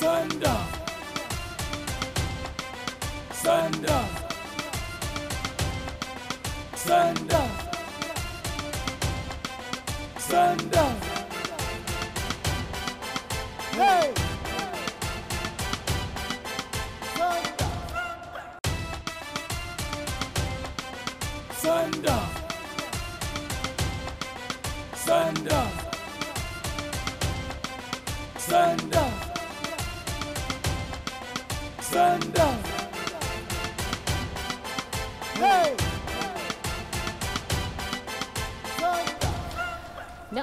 Thunder. Thunder. Thunder. Thunder. Hey. Thunder. Thunder.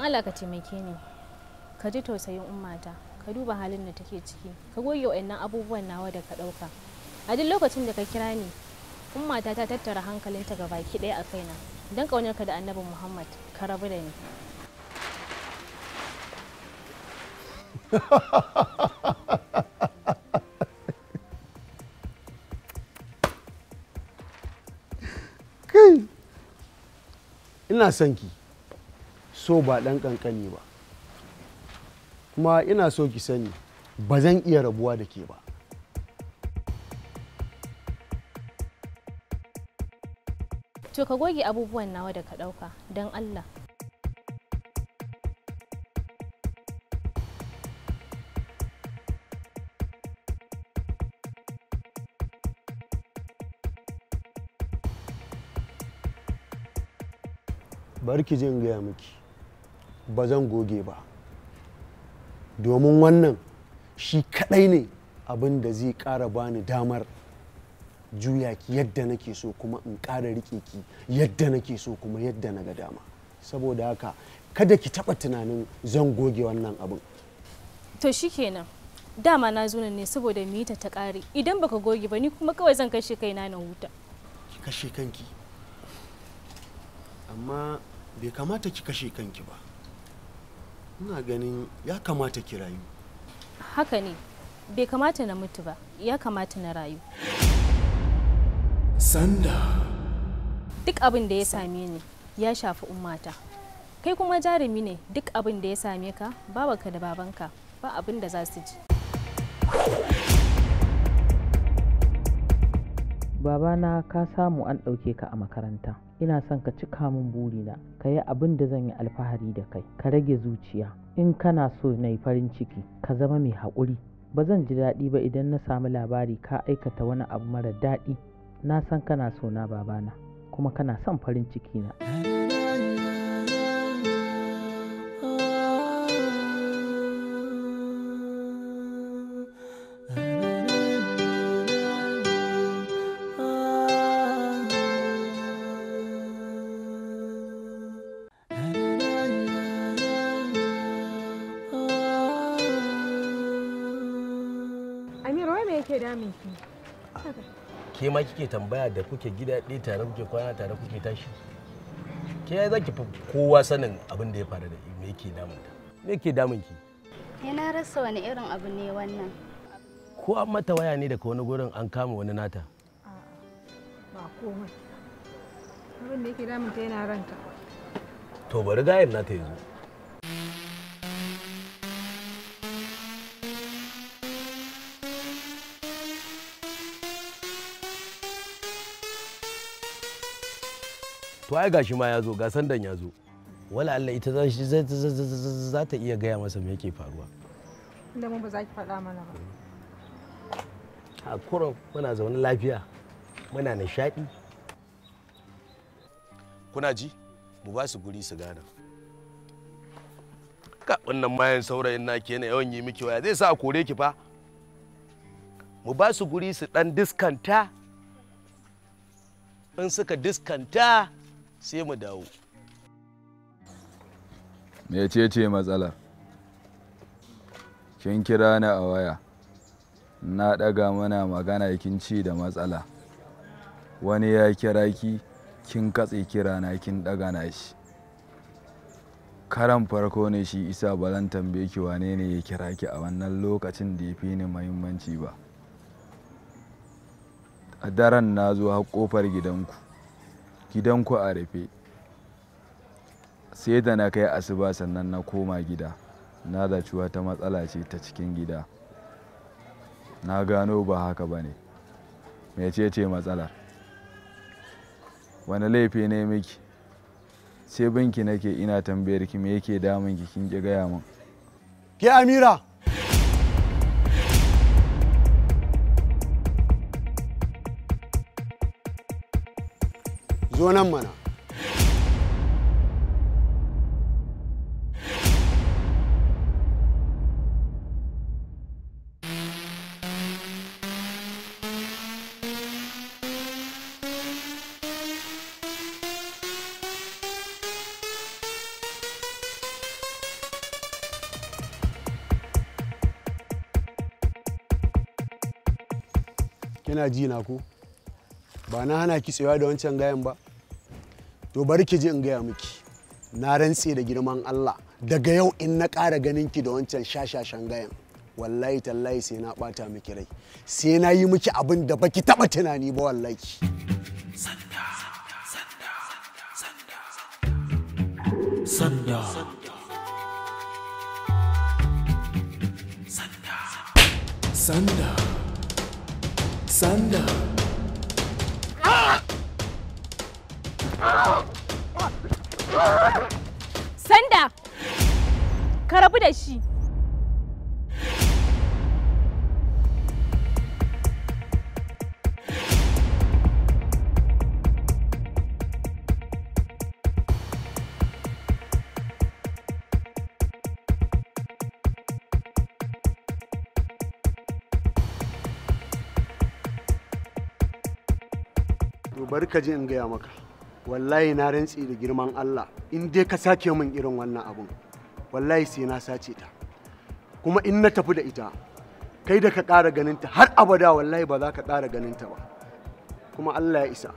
Allah ka taimake ni ka ji tausayin ummata ka duba halin da take ciki ka goge wa'annan abubuwan nawa da ka ɗauka a duk lokacin da ka kira ni ummata ta tattara hankalinta ga baki ɗaya a kaina don ƙaunarka da annabi muhammad ka rabu da ni ina son ki so ba ɗan ƙanƙani ba kuma ina so ki sani ba zan iya rabuwa da ke ba to ka goge abubuwan nawa da ka ɗauka don allah barki jin gaya miki ba zan goge ba domin wannan shi kadai ne abin da zai kara bani damar juya ki yadda nake so kuma in kara rike ki yadda nake so kuma yadda na ga dama saboda haka kada ki taɓa tunanin zan goge wannan abin to shikenan dama na zo ne saboda mu ta ta ƙare idan baka goge ba ni kuma kawai zan kashe kaina na huta ki kashe kanki amma bai kamata ki kashe kanki ba ina ganin ya kamata ki rayu haka ne bai kamata na mutu ba ya kamata na rayu sanda duk abin da ya same ni ya shafi ummata kai kuma jarumi ne duk abin da ya same ka babaka da babanka ba abin da za su ji babana ka samu an ɗauke ka a makaranta ina son ka cika min burina ka yi abin da zan yi alfahari da kai ka rage zuciya in kana so na yi farin ciki ka zama mai haƙuri ba zan ji daɗi ba idan na samu labari ka aikata wani abu mara daɗi na san kana so na babana kuma kana son farin ciki na. ma kike tambaya da kuke gida ɗaya tare kuke kwana tare kuke tashi ke za ki fi kowa sanin abin da ya faru da me yake damun ta me yake damun ki ni na rasa wani irin abu ne wannan ko an mata waya ne daga wani gurin an kama wani nata ba komai abin da yake damun ta yana ranta to bari gayan nata yanzu to ai gashi ma ya zo ga sandan ya zo wala Allah ita za ta iya gaya masa me yake faruwa inda mu ba za ki faɗa mana ba a kuro muna zaune lafiya muna nishaɗi kuna ji mu ba su guri su gana ka wannan mayan saurayin na kenan yawan yi miki waya zai sa a kore ki fa mu ba su guri su ɗan diskanta in suka diskanta sai mu dawo ce matsalar kin kira ni a waya na ɗaga mana magana kin ci da matsala wani ya kira ki kin katse kira na kin ɗaga na shi karan farko ne shi isa ba zan tambaye ki wane ne ya kira ki a wannan lokacin da ya fi ni muhimmanci ba a daren na zo har kofar gidanku gidanku a rufe sai da na kai asuba sannan na koma gida na zaci wata matsala ce ta cikin gida na gano ba haka ba ne ce matsalar wani laifi ne miki sai binki nake ina tambayar ki me yake damun ki kin ki gaya mun. ke amira mana kina ji na ku ba na hana ki tsayawa da wancan gayan ba to bari ki ji in gaya miki na rantse da girman Allah daga yau in na ƙara ganin ki da wancan shashashan gayan wallahi tallahi sai na ɓata miki rai sai na yi miki abin da baki taɓa tunani ba wallahi sanda sanda sanda sanda sanda Sanda! Ka rabu da shi! bari ka ji in gaya maka wallahi na rantsi da girman Allah in dai ka sake min irin wannan abun wallahi sai na sace ta kuma in na tafi da ita kai da ka ƙara ganinta har abada wallahi ba za ka ƙara ganin ta ba kuma Allah ya isa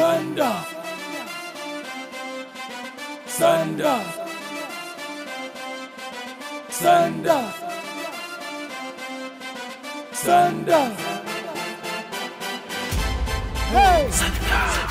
Thunder. Thunder. Thunder. Thunder. Hey. Thunder.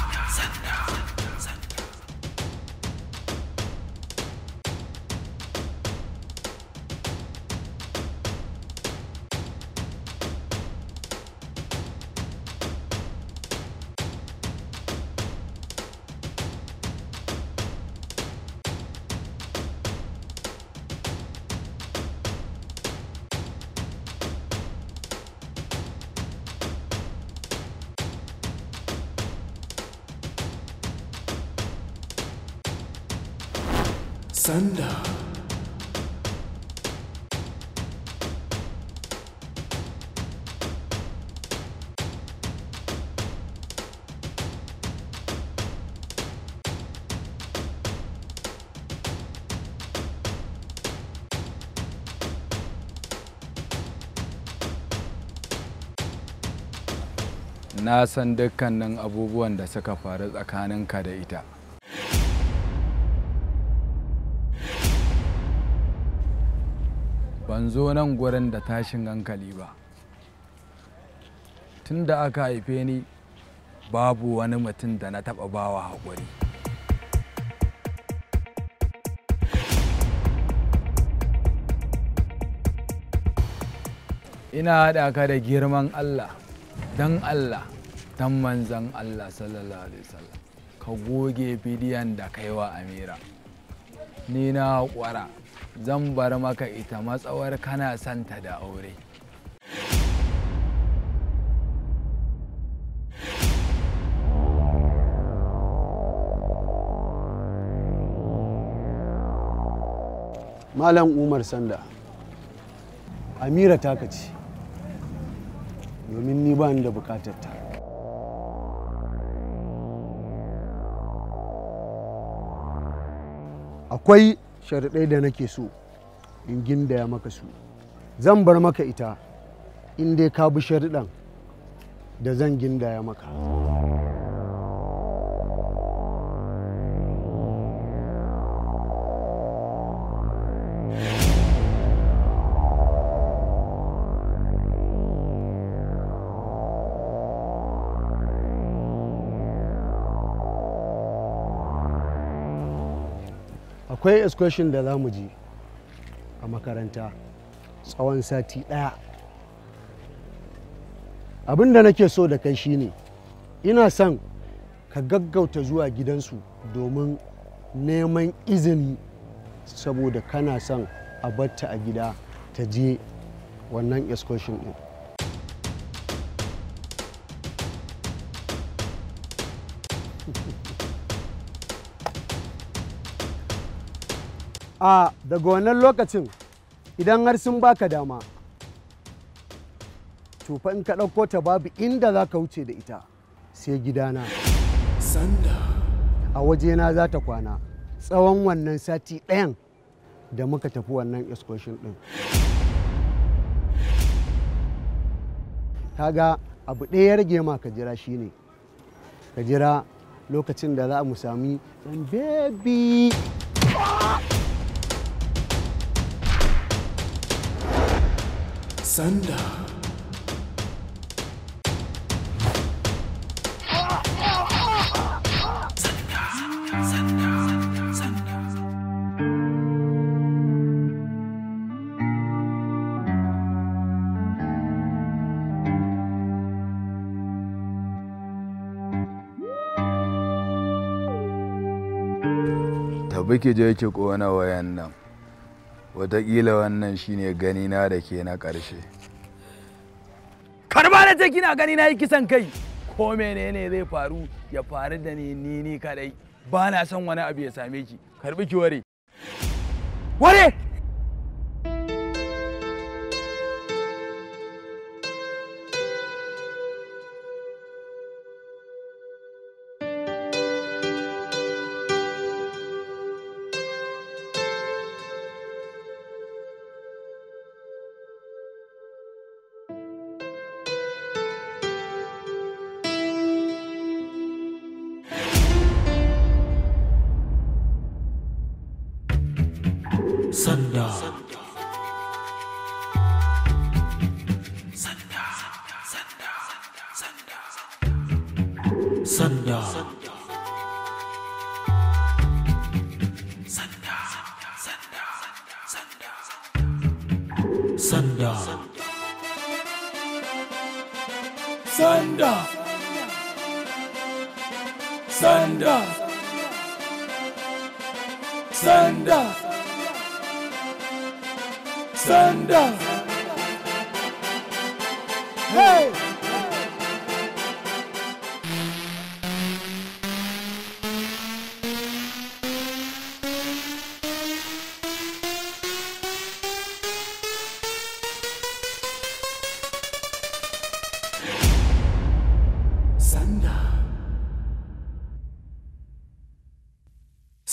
na san dukkanin abubuwan da suka faru ka da ita ban zo nan gurin da tashin hankali ba tun da aka haife ni babu wani mutum da na taɓa bawa haƙuri ina haɗa ka da girman allah don allah dan manzan Allah sallallahu alaihi wasallam ka goge bidiyon da kaiwa Amira ni na kwara zan bar maka ita matsawar kana santa da aure Malam Umar Sanda, Amira ta ce, domin ni ba ni da bukatar ta. akwai sharaɗai da nake so in gindaya maka su zan bar maka ita in dai ka bi shariɗan da zan gindaya maka. akwai excursion da zamu je a makaranta tsawon sati ɗaya abin da nake so da kai shine ina son ka gaggauta zuwa gidansu domin neman izini saboda kana son a batta a gida ta je wannan excursion ɗin a daga wannan lokacin idan har sun baka dama tufa in ka ɗauko ta babu inda za ka wuce da ita sai gidana sanda a wajena za ta kwana tsawon wannan sati ɗayan da muka tafi wannan excursion ɗin ga abu ɗaya ya rage ma ka jira shine ka jira lokacin da za mu sami ɗan bebi Sander. Tabi ke je yake kowane wayan nan. watakila wannan shine ganina da ke na ƙarshe karba da ce kina gani na yi kisan kai ko mene ne zai faru ya faru da ni ni ni kadai ba na son wani abu ya same ki karbi ki ware ware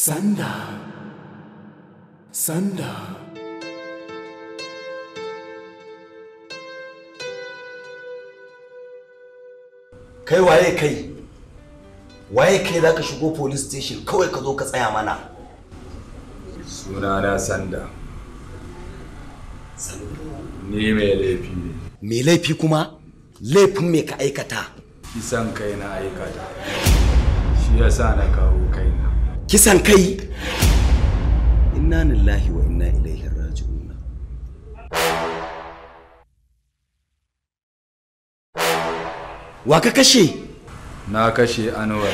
Sanda, sanda. Kai waye kai? Waye kai za ka shigo police station kawai ka zo ka tsaya mana? na Sanda. Ni mai laifi ne. Mai laifi kuma? Laifin me ka aikata? Kisan kai na aikata. Shi sa na kawo. kisan kai inna lillahi wa inna ilaihi raji'un wa ka kashe na kashe anwar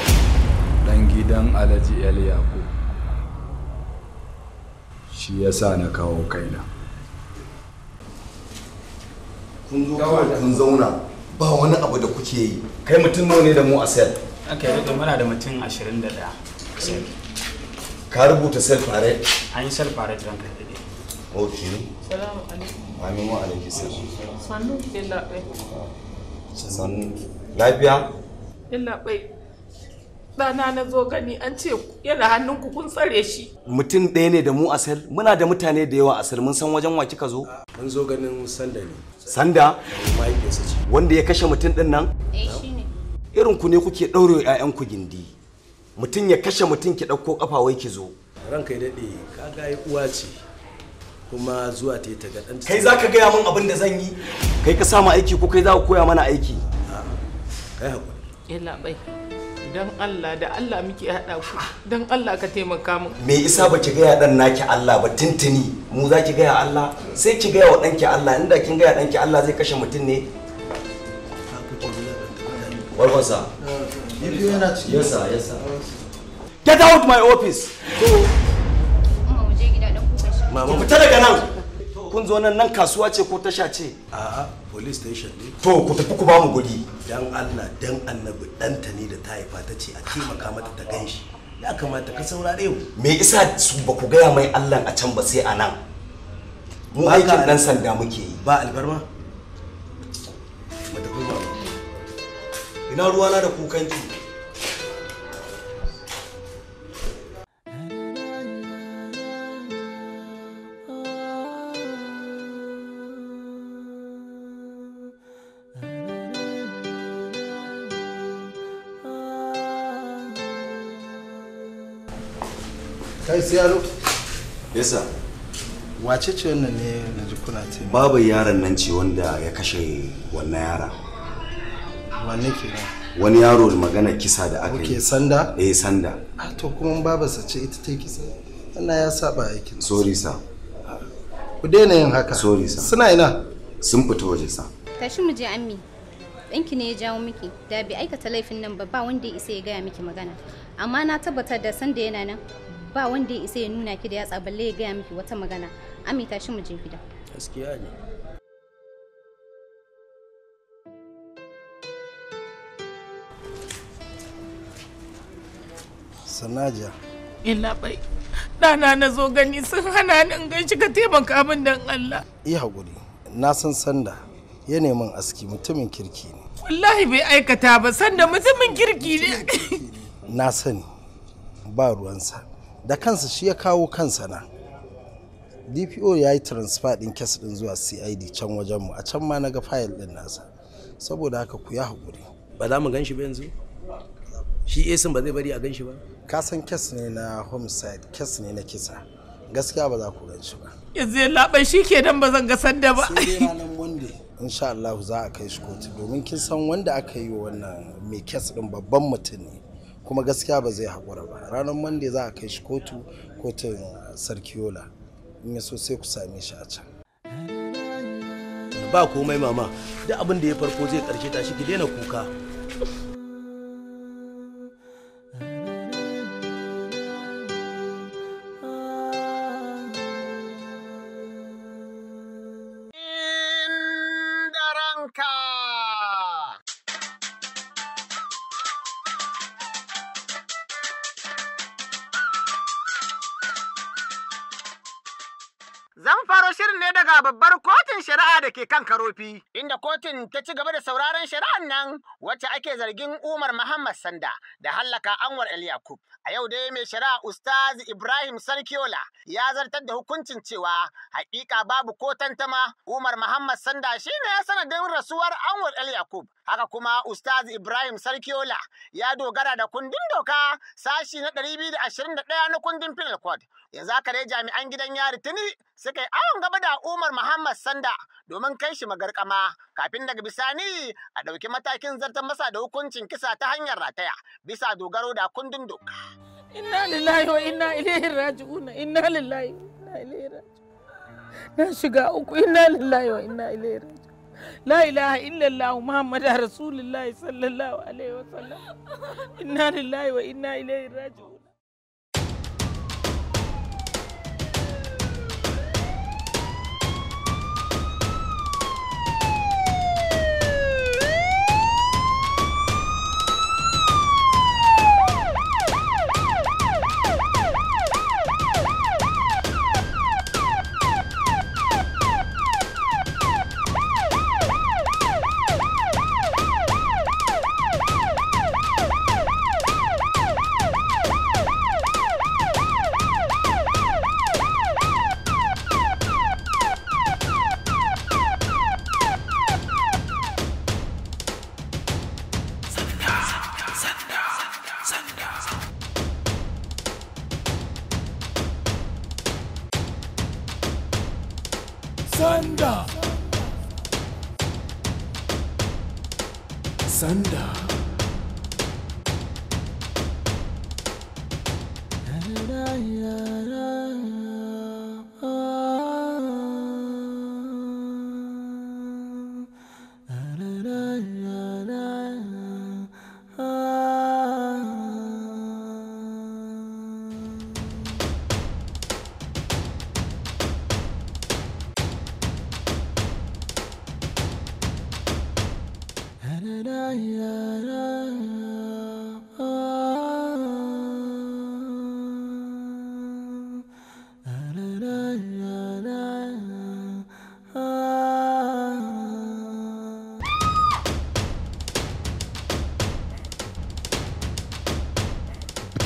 dan gidan alhaji el yaqub shi yasa na kawo kaina kun zo kawai kun zauna ba wani abu da kuke yi kai mutum nawa ne da mu a sel aka yi muna da mutum 21 ka rubuta self parade an yi self parade ranka dade ok salamu alaikum amin wa alaikum salam sannu illa bai sannu lafiya illa bai ɗana na zo gani an ce yana hannunku kun tsare shi. Mutum ɗaya ne da mu asal muna da mutane da yawa asal mun san wajen wa kika zo. An zo ganin sanda ne. Sanda? Wanda ya kashe mutum ɗin nan? Eh shi ne. Irin ku ne kuke ɗaure 'ya'yanku gindi. mutum ya kashe mutum ki ɗauko ƙafa wai ki zo ranka ya daɗe ka ga uwa ce kuma zuwa ta ta ga kai za ka gaya min abin da zan yi kai ka samu aiki ko kai za ka koya mana aiki kai haƙuri illa bai dan Allah da Allah muke haɗa ku dan Allah ka taimaka mu me isa ba ki gaya dan naki Allah ba tintini mu za ki gaya Allah sai ki gaya wa ɗanki Allah inda kin gaya ɗanki Allah zai kashe mutum ne warwarsa biyu yana ciki yes sir yes sir get out my office mama fita daga nan kun zo nan nan kasuwa ce ko tasha ce a'a police station ne to ku tafi ku ba mu guri dan Allah dan annabi danta ne da ta haifa ta ce a taimaka mata ta ganshi ya kamata ka saurare mu me isa su ba ku gaya mai Allah a can ba sai a nan mu aikin dan sanda muke yi ba albarma ina ruwana da kukanki kai sai yaro yasa wace ce wannan ne na ji kuna ce babu yaron nan ce wanda ya kashe wannan yara. wanne ke wani yaro da magana kisa da aka yi okay sanda eh sanda a ah, to kuma sa ce ita ta kisa Allah ya saba aikin sorry sa ku daina yin haka sorry sa suna ina sun fita waje sa tashi mu je ammi ɗanki ne ya jawo miki da bai aikata laifin nan ba ba wanda ya isa ya gaya miki magana amma na tabbatar da sanda yana nan ba wanda ya isa ya nuna ki da ya balle ya gaya miki wata magana ammi tashi mu je gida gaskiya ne sanaja ina bai ɗana na zo gani sun hana ni in gaishe ka taimaka min dan Allah yi hakuri na san sanda ya neman aski mutumin kirki ne wallahi bai aikata ba sanda mutumin kirki ne na sani ba ruwansa da kansa shi ya kawo kansa na dpo ya yi transfer din kes din zuwa cid can wajen mu a can ma na ga fayil ɗin nasa saboda haka ku ya hakuri. ba za mu gan shi ba yanzu shi esin ba zai bari a gan shi ba ka san kes ne na homicide kes ne na kisa gaskiya ba za ku gan shi ba yanzu ya laɓar shi ke dan ba zan ga sanda ba sai ranar monday insha Allah za a kai shi kotu domin kin san wanda aka yi wa wannan mai kes din babban mutum ne kuma gaskiya ba zai haƙura ba ranar monday za a kai shi kotu kotun uh, sarkiola in ya so sai ku same shi a can ba komai mama duk abin da ya farko zai karshe shi ki daina kuka da ke kan karofi. Inda kotun ta ci gaba da sauraron shari'ar nan wacce ake zargin Umar Muhammad Sanda da hallaka Anwar El A yau dai mai shari'a Ustaz Ibrahim Sarkiola ya zartar da hukuncin cewa hakika babu ko tantama Umar Muhammad Sanda shi ne ya sanadin rasuwar Anwar El Yakub. Haka kuma Ustaz Ibrahim Sarkiola ya dogara da kundin doka sashi na 221 na kundin Penal Code. Yanzu haka dai jami'an gidan yari tuni suka yi awon gaba da Umar Muhammad Sanda domin kai shi magarkama kafin daga bisani a ɗauki matakin zartar masa da hukuncin kisa ta hanyar rataya bisa dogaro da kundin doka. Inna lillahi wa inna ilaihi raji'un inna lillahi wa inna ilaihi raji'un na shiga uku inna lillahi wa inna ilaihi raji'un la ilaha illallah muhammad rasulullahi sallallahu alaihi wa sallam inna lillahi wa inna ilaihi raji'un Sanda. Sanda.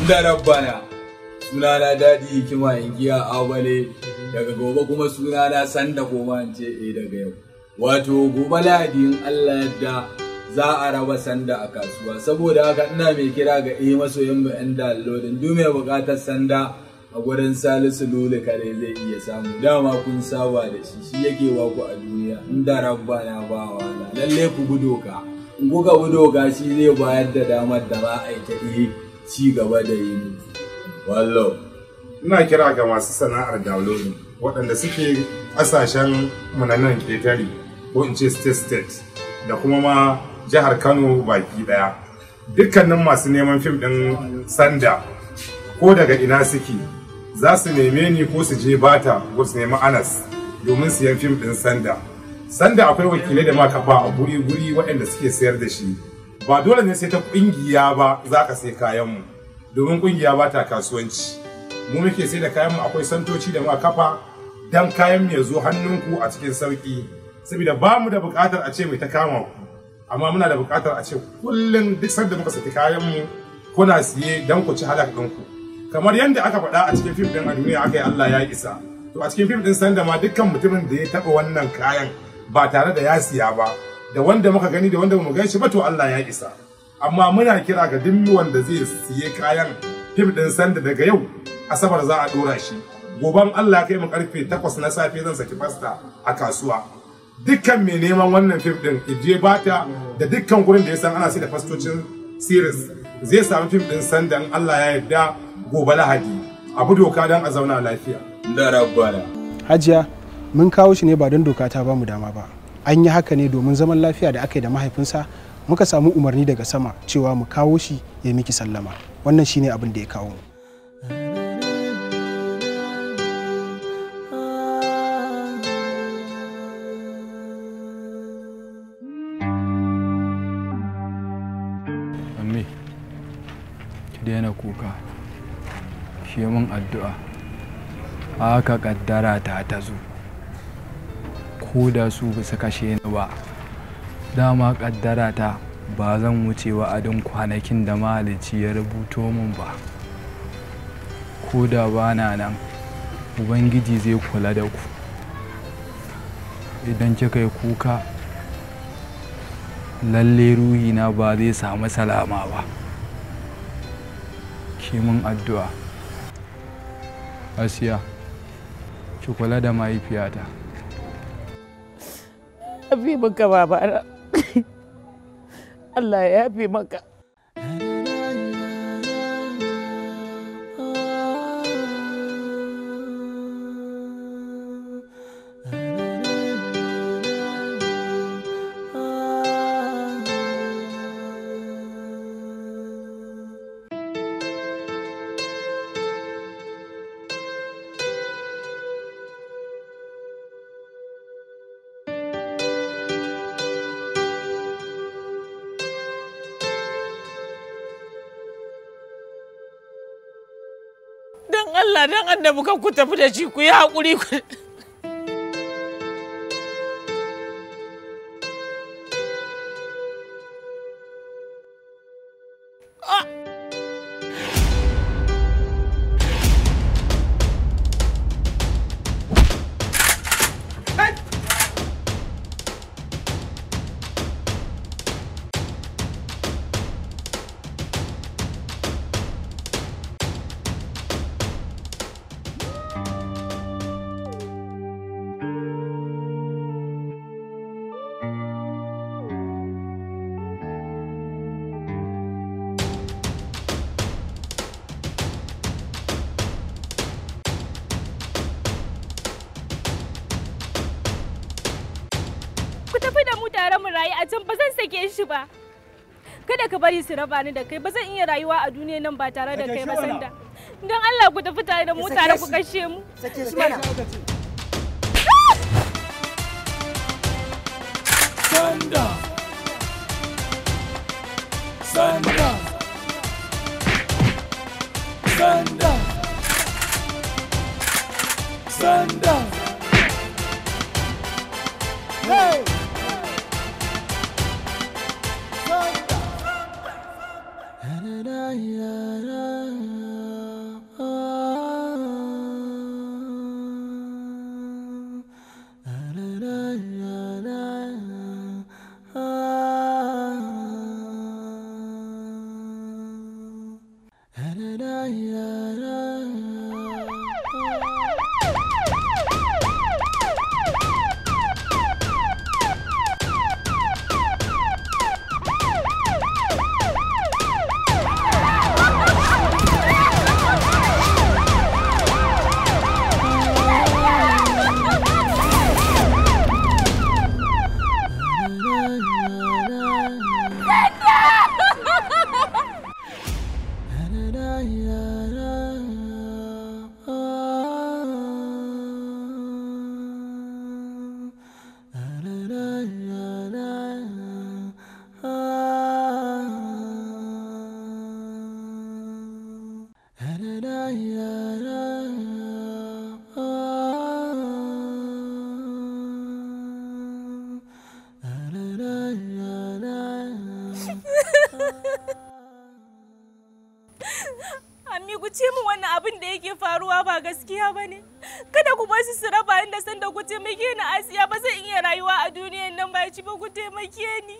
da rabbana na dadi hikima giya abale daga gobe kuma suna sunana sanda koma in ce eh daga yau wato gobe ladin Allah yadda za a raba sanda a kasuwa saboda haka ina mai kira ga eh maso yin yan downloading duk mai bukatar sanda a gurin salisu lulu kare zai iya samu dama kun saba da shi shi yake waku a duniya in da na ba wala lalle ku gudo ka in kuka gudo shi zai bayar da damar da ba a yi ta eh. ci gaba da yi wallo ina kira ga masu sana'ar downloading waɗanda suke ƙasashen munanan ƙetare ko in ce state state da kuma ma jihar kano baki ɗaya dukkanin masu neman fim ɗin sanda ko daga ina suke za su neme ni ko su je bata ko su nemi anas domin siyan fim ɗin sanda sanda akwai wakilai da ma kafa a guri-guri waɗanda suke sayar da shi ba dole ne sai ta kungiya ba za ka sai kayanmu domin kungiya ba ta kasuwanci mu muke sai da kayan mu akwai santoci da muka kafa dan kayan mu ya zo hannunku a cikin sauki saboda ba mu da buƙatar a ce mai ta kama ku amma muna da buƙatar a ce kullum duk sanda muka saki mu kuna siye dan ku ci halaka ɗinku kamar yadda aka faɗa a cikin fim ɗin a duniya aka yi Allah ya isa to a cikin fim ɗin sanda ma dukkan mutumin da ya taɓa wannan kayan ba tare da ya siya ba da wanda muka gani da wanda mu gani shi ba to Allah ya isa amma muna kira ga duk wanda zai siye kayan fim din sanda daga yau asabar za a dora shi goban Allah kai mu karfe 8 na safe zan saki fasta a kasuwa dukkan mai neman wannan fim din ije bata da dukkan gurin da ya san ana sai da fastocin series zai samu fim din sanda sandan Allah ya yarda gobe Lahadi abu doka dan a zauna lafiya da rabbana hajiya mun kawo shi ne ba don doka ta ba mu dama ba an yi haka ne domin zaman lafiya da aka yi da mahaifinsa muka samu umarni daga sama cewa mu kawo shi ya miki sallama wannan shine abin da ya kawo mu amme ki daina kuka shi mun addu'a haka kaddara ta ta zo ko da su ba su kashe ni ba dama kaddara ta ba zan wuce wa'adin kwanakin da mahalicci ya rubuto min ba ko da bana nan ubangiji zai kula da ku idan kika yi kuka lalle ruhina ba zai samu salama ba kimin addu'a asiya ki kula da mahaifiyata yafe maka babana Allah ya fi maka da muka ku tafi da shi ku yi haƙuri raye a can ba zan sake shi ba kada ka bari su raba ni da kai ba zan iya rayuwa a duniya nan ba tare da kai ba sanda don Allah ku tafi tare da mu tare ku kashe mu sake shi mana sanda sanda faruwa ba gaskiya ba ne kada ku bashi su raba inda sanda ku taimake ni asiya ba zan iya rayuwa a duniyan nan ba ci ba ku taimake ni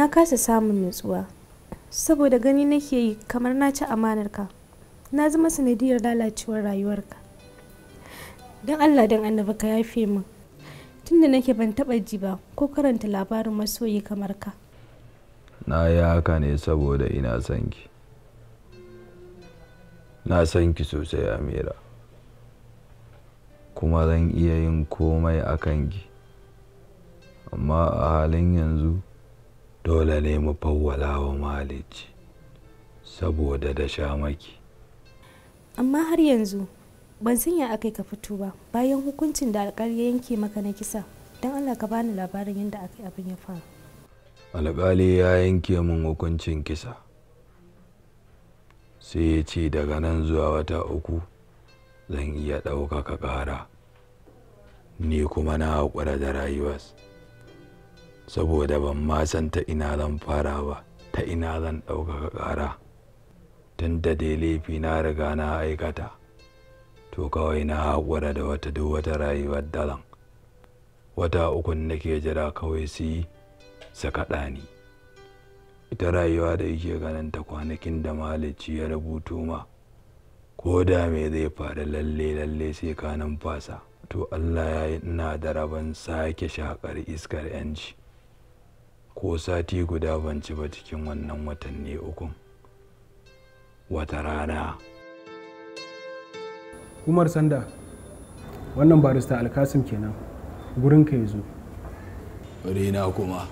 na kasa samun nutsuwa saboda gani nake yi kamar na ci amanarka na zama sanadiyar lalacewar rayuwarka don allah don annaba ka yafe min tunda nake ban taba ji ba ko karanta labarin masoyi kamar ka na yi haka ne saboda ina son ki na san ki sosai amira kuma zan iya yin komai a kan ki amma a halin yanzu dole ne mu fawwala wa malici saboda da shamaki amma har yanzu ban san ya akai ka fito ba bayan hukuncin da alkali ya yanke maka na kisa don allah ka bani labarin yadda akai abin ya faru alƙali ya yanke min hukuncin kisa sai ya ce daga nan zuwa wata uku zan iya ɗaukaka ƙara ni kuma na haƙura da rayuwarsa saboda ban ma san ta ina zan fara ba ta ina zan ɗaukaka ƙara tun da dai laifi na riga na aikata to kawai na haƙura da wata duk wata rayuwar dalan wata uku nake jira kawai su yi sakaɗa ni ita rayuwa da yake ganin ta kwanakin da malici ya rubuto ma ko da me zai faru lalle lalle sai ka fasa to allah ya yi ina da rabon sake shakar iskar yanci ko sati guda ban ci ba cikin wannan watanni ukun wata rana umar sanda wannan barista alkasim kenan gurin ka zo rina kuma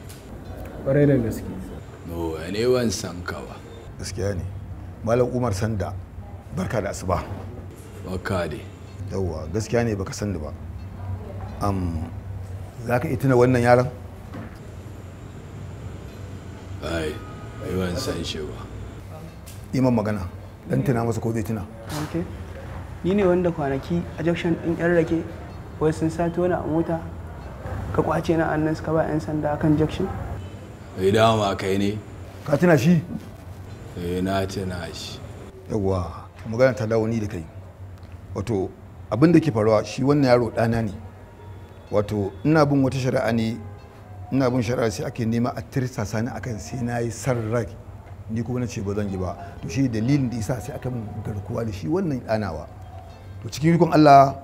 ƙwarai da gaske no ne wan san ka ba gaskiya ne malam umar sanda barka da asuba barka dai yawwa gaskiya ne baka sanda ba am za ka iya wannan yaron ai ai ban san shi ba Yi man magana dan tuna masa ko zai tuna okay ni ne wanda kwanaki a junction din 'yar rake wai sun sato ni a mota ka kwace na annan suka ba yan sanda kan junction eh dama kai ne ka tuna shi eh na tuna shi yawa magana ta dawo ni da kai wato abin da ke faruwa shi wannan yaro ɗana ne wato ina bin wata shari'a ne ina bin shari'a sai ake nema a tirsa sani akan sai na yi sarrai ni kuma na ce ba zan yi ba to shi dalilin da isa sai aka garkuwa da shi wannan danawa to cikin rikon Allah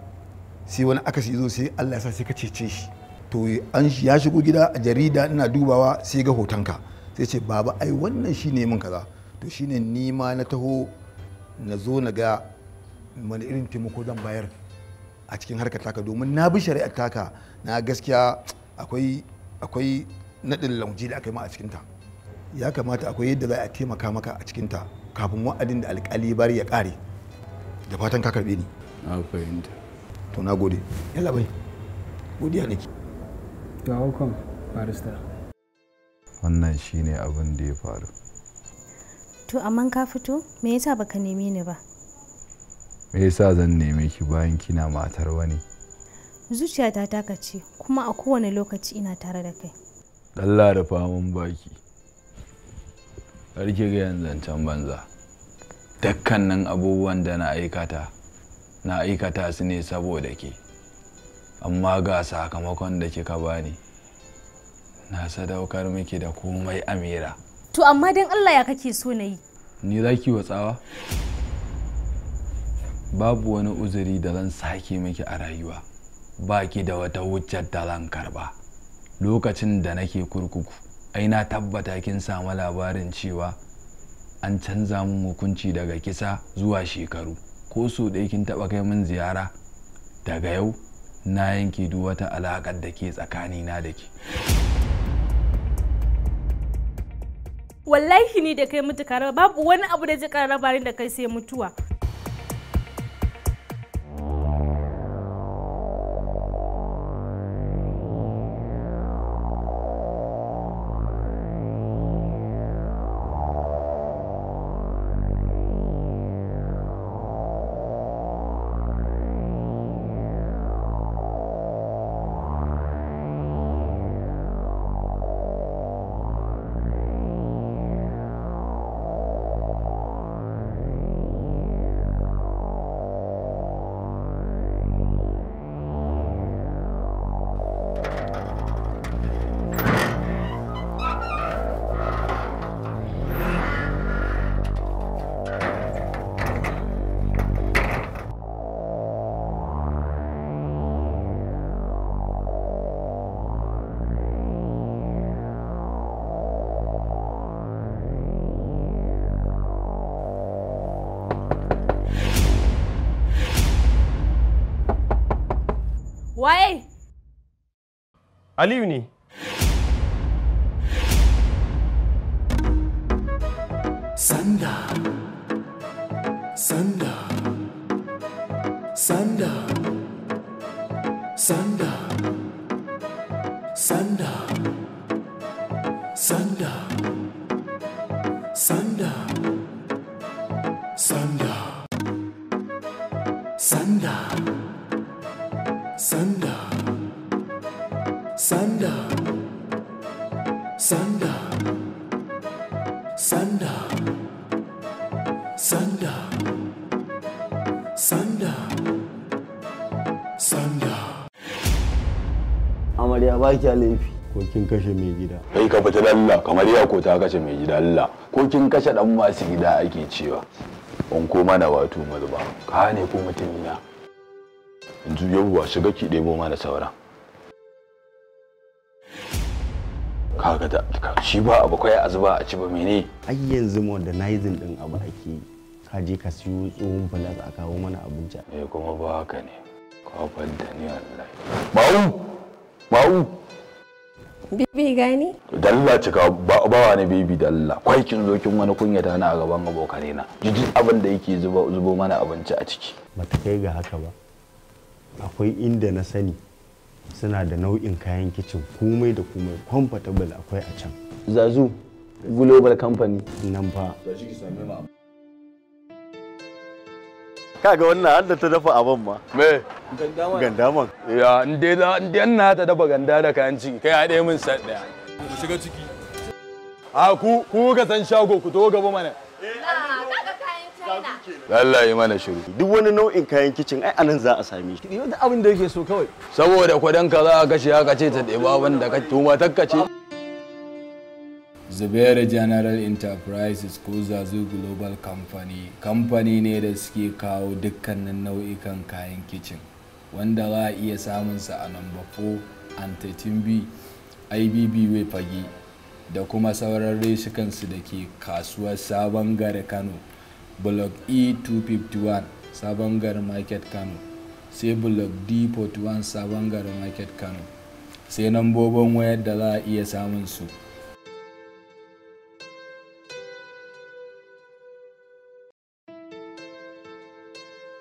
sai wani akasi zo sai Allah ya sa sai ka cece shi to an ya shigo gida a jarida ina dubawa sai ga hotonka sai ce baba ai wannan shi ne min kaza to shine ni ma na taho na zo na ga wani irin taimako zan bayar a cikin harkar taka domin na bi shari'ar taka na gaskiya akwai akwai naɗin launji da aka yi ma a cikinta ya kamata akwai yadda za a taimaka maka a cikinta kafin wa'adin da alƙali bari ya ƙare da fatan ka karɓe ni na fahimta to na gode yalla bai godiya nake ga hukum barista wannan shine abin da ya faru to amma ka fito me yasa baka neme ni ba me yasa zan neme ki bayan kina matar wani zuciyata ta kace kuma a kowane lokaci ina tare da kai Allah da famun baki har ga yanzu zancen banza dukkanin abubuwan da na aikata na aikata su ne saboda ke amma ga sakamakon da kika bani na sadaukar miki da komai amira to amma don allah ya kake so na yi ni za ki watsawa babu wani uzuri da zan sake miki a rayuwa baki da wata wuccar ta zan karba lokacin da nake kurkuku ai na tabbata kin samu labarin cewa an canza mun hukunci daga kisa zuwa shekaru ko so ɗaya kin taɓa kai min ziyara daga yau na yanke duk wata alaƙar da ke na da ke wallahi ni da kai mutu babu wani abu da zai kara labarin da kai sai mutuwa Why? Aliyu Sanda Sanda Sanda Sanda Sanda Sanda Sanda Amarya ba kya laifi ko kin kashe mai gida kai ka fita Allah kamar ya ko ta kashe mai gida Allah ko kin kashe dan masu gida ake cewa on mana mana wato mazuba ka ne ko mutumina yanzu yawwa shiga ki ɗebo da sauran kaga da shi ba abu kai a zuba a ci ba mene ai yanzu modernizing din abu ake yi ka je ka siyo tsohon falas a kawo mana abinci eh kuma ba haka ne ka fadda ni Allah ba'u ba'u bibi gani dalla cika ba ba wani bibi dalla kwai kin zo kin wani kunya ta na a gaban abokane na abin da yake zubo mana abinci a ciki ba ta kai ga haka ba akwai inda na sani suna da nau'in kayan kicin komai da komai comfortable akwai a can zazu global company nan fa kaga wannan har da ta dafa abin ma me gandaman ya in dai na ta dafa ganda da kayan ciki kai haɗe min sat ɗaya ku shiga ciki a ku ku ka san shago ku to gaba mana Allah ya mana shiru duk wani nau'in kayan kicin ai anan za a same shi yau da abin da yake so kawai saboda kudin ka za a kashe haka ce ta ɗebi abin da ka tuma takkace Zubairu General Enterprises ko Zazu Global Company kamfani ne da suke kawo dukkanin nau'ikan kayan kicin wanda za a iya samun sa a number 4 and 13B IBB Way fage da kuma sauran reshikansu da ke kasuwar sabon gari Kano block e251 sabon gari market kano sai block d41 sabon gari market kano sai nambobin wayar da za a iya samun su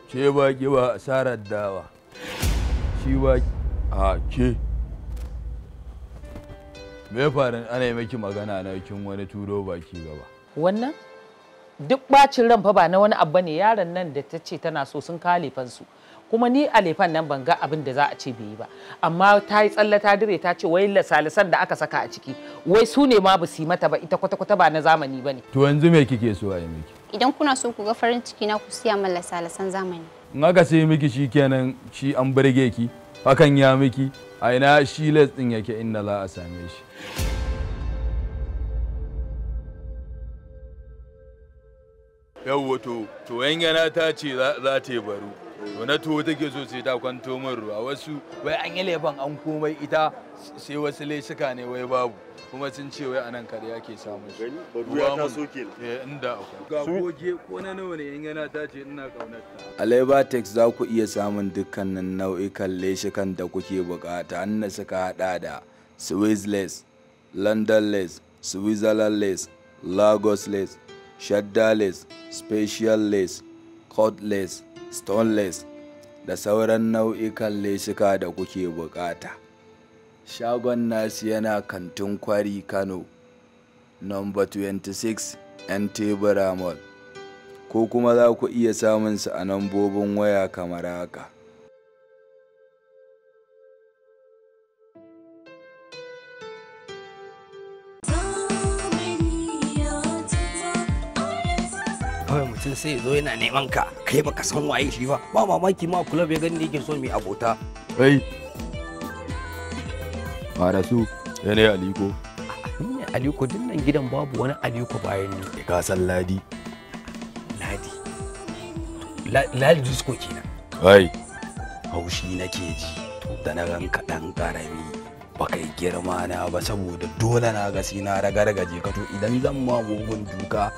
ce ba giwa asarar dawa shi ba a ke me farin ana yi maki magana na kin wani turo baki gaba wannan duk bacin ran fa ba na wani abu ne yaron nan da ta ce tana so sun kawo su kuma ni a lefan nan ban ga abin da za a ce bai yi ba amma ta yi tsalle ta dire ta ce wai lasalisan da aka saka a ciki wai su ne ma ba su yi mata ba ita kwata kwata ba na zamani ba ne to yanzu me kike so a yi miki idan kuna so ku ga farin ciki na ku siya min lasalisan zamani in aka sai miki shi kenan shi an burge ki hakan ya miki a ina shi les din yake inna za a same shi yawo to to yangana ta ce za ta baro to na to take so sai ta kwanto min ruwa wasu wai an yi laifin an komai ita sai wasu laifuka ne wai babu kuma sun ce wai anan kare yake samu shi ruwa ta so ke inda ga goge ko na nawa ne yangana ta ce ina kaunar ta a Libertex za ku iya samun dukkanin nau'ikan laifukan da kuke bukata an suka hada da Swiss lace, London lace, Switzerland lace, Lagos lace, shaddaless, Specialless, cordless, stoneless da sauran nau'ikan lesuka da kuke buƙata. Shagon nasu yana Kantin Kwari, Kano, No. 26 Entebbe Mall, ko kuma za ku iya samunsa a nambobin waya kamar haka. kawai mutum sai zo yana neman ka kai baka san waye shi ba ba mamaki ma club ya gani yake so mai abota ai fara su yanayi aliko ne aliko din nan gidan babu wani aliko bayan ni ka san ladi ladi ladi disco kenan ai haushi nake ji da na ranka dan karami baka yi girma na ba saboda dole na ga sai na ragargaje ka to idan zan ma mugun duka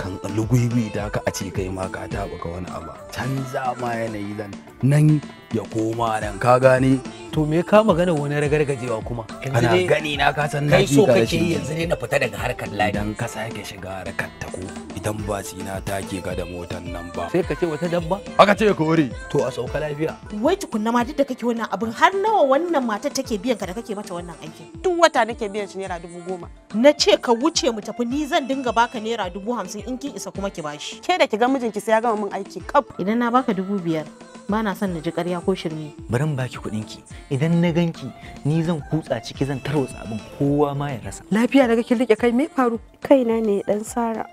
kan lugwiwi ta ka a ce kai ma ka taba baka wani abu canza ma yanayi zan nan ya koma nan ka gane to me ka magana wani ragargajewa kuma kana gani na ka san na kai so kake yanzu ne na fita daga harkar lafiya dan ka sake shiga harkar ta ko idan ba sina take ka da motan nan ba sai ka ce wata dabba aka ce ka hore. to a sauka lafiya wai tukunna ma duk da kake wannan abin har nawa wannan matar take biyan ka da kake mata wannan aikin duk wata nake biyan shi naira dubu goma na ce ka wuce mu tafi ni zan dinga baka naira dubu hamsin in kin isa kuma ki bashi ke da ki ga mijinki sai ya gama min aiki kaf idan na baka dubu biyar ba na son na ji ƙarya ko shirme. Bari in baki ki idan na ganki ni zan kutsa ciki zan tarwatsa abin kowa ma ya rasa. Lafiya daga kin rike kai me faru? Kaina ne dan Sara.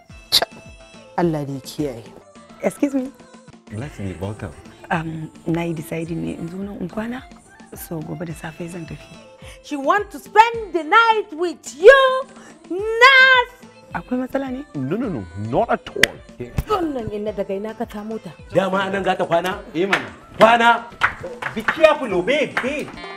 Allah da ya kiyaye. Excuse me. Blessing you welcome. Um, na yi decide ne in zo nan kwana so gobe da safe zan tafi. She want to spend the night with you, Nas. Akwai matsala ne? No, no, no, not at all. Wannan ina daga ina ka ta mota. Dama anan za ta kwana? Eh mana. Kwana. Be careful, oh, babe, babe.